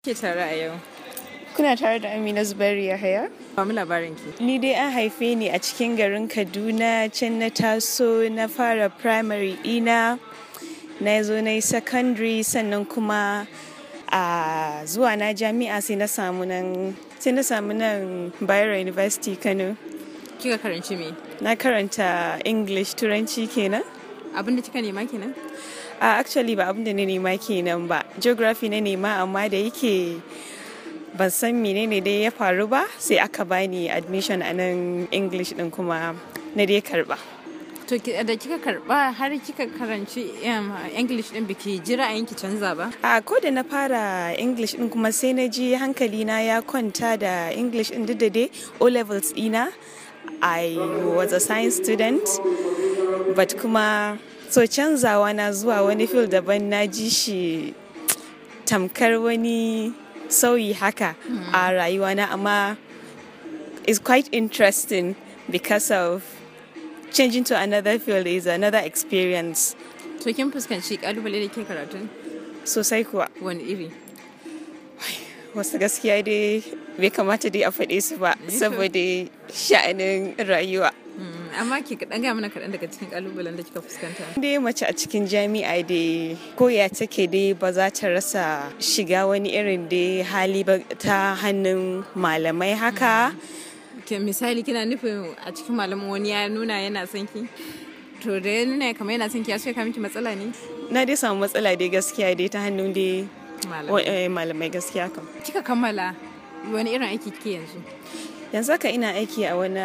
Ke tare a yau? Kuna tare da Amina Zubairu ya haya? mu labarin ki. Ni dai an haife ni a cikin garin Kaduna, can na taso na fara primary ina, na zo na yi secondary sannan kuma a zuwa na jami'a sai na samu nan sai na samu nan Bayero University Kano. Kika karanci me? Na karanta English Turanci kenan. abin da kika nema kenan a actually ba abin da na nema kenan ba geography na nema amma da yake ban san menene dai ya faru ba sai aka bani admission a nan english din kuma na dai karba to da kika karba har kika karanci english din biki jira a yanki canza ba a ko da na fara english din kuma sai na ji hankali na ya kwanta da english din duk da dai o levels dina i was a science student but kuma so canzawa na zuwa wani fil daban na ji shi tamkar wani sauyi haka mm-hmm. a rayuwa na amma it's quite interesting because of changing to another field is another experience to kin fuskanci kalubale da ke karatun sosai kuwa wani iri wasu gaskiya dai bai kamata dai a faɗe su ba eh saboda sha'anin rayuwa amma ke kaɗan gaya mana kaɗan daga cikin kalubalen da kika fuskanta dai mace a cikin jami'a da koya take dai ba za ta rasa shiga wani irin da hali ba ta hannun malamai haka misali kina nufin a cikin malamin wani ya nuna yana son ki to da ya nuna kamar yana son ki ya so ya miki matsala ne na dai samu matsala dai gaskiya dai ta hannun dai malamai eh, gaskiya kam kika kammala wani irin aiki kike yanzu yanzu haka ina aiki a wani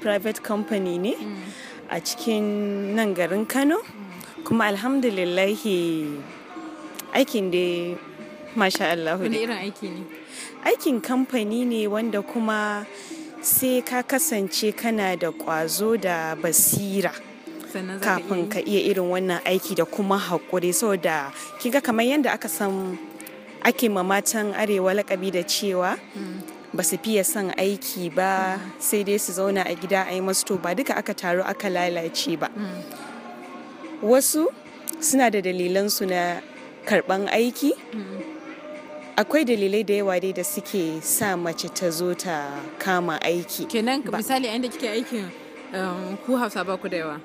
private company ne a cikin nan garin kano kuma alhamdulillahi aikin da masha Allah wani irin aiki ne aikin kamfani ne wanda kuma sai ka kasance kana da kwazo da basira kafin ka iya irin wannan aiki da kuma haƙuri saboda kiga kamar yadda aka san ake mamatan arewa lakabi da cewa mm. ba su fiye son aiki ba sai dai su zauna a gida a yi masu to ba duka aka taru aka lalace ba wasu suna da dalilansu na karban aiki akwai dalilai da yawa dai da suke sa mace ta zo ta kama aiki kenan misali inda kike aikin um, ku hausa ba ku da yawa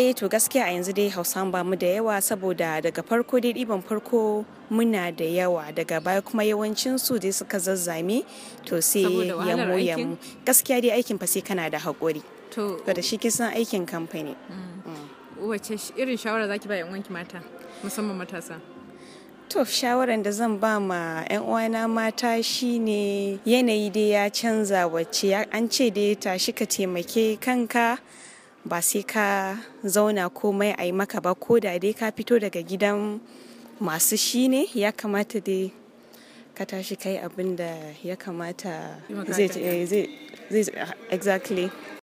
e to gaskiya a yanzu dai hausa ba mu da yawa saboda daga farko dai ɗiban farko muna da yawa daga baya kuma yawancin su dai suka zazzame to sai yamu mu gaskiya dai aikin fa sai kana da haƙuri to da shi san aikin kamfani mm. Mm. wace irin shawara zaki ba yan wanki mata musamman matasa To shawaran da zan ba ma 'yan uwana mata shine yanayi dai ya canza wacce an ce dai tashi ka taimake kanka ba sai ka zauna komai a yi maka ba ko da dai ka fito daga gidan masu shi ne ya kamata dai ka tashi kai abin da ya kamata eh, zai exactly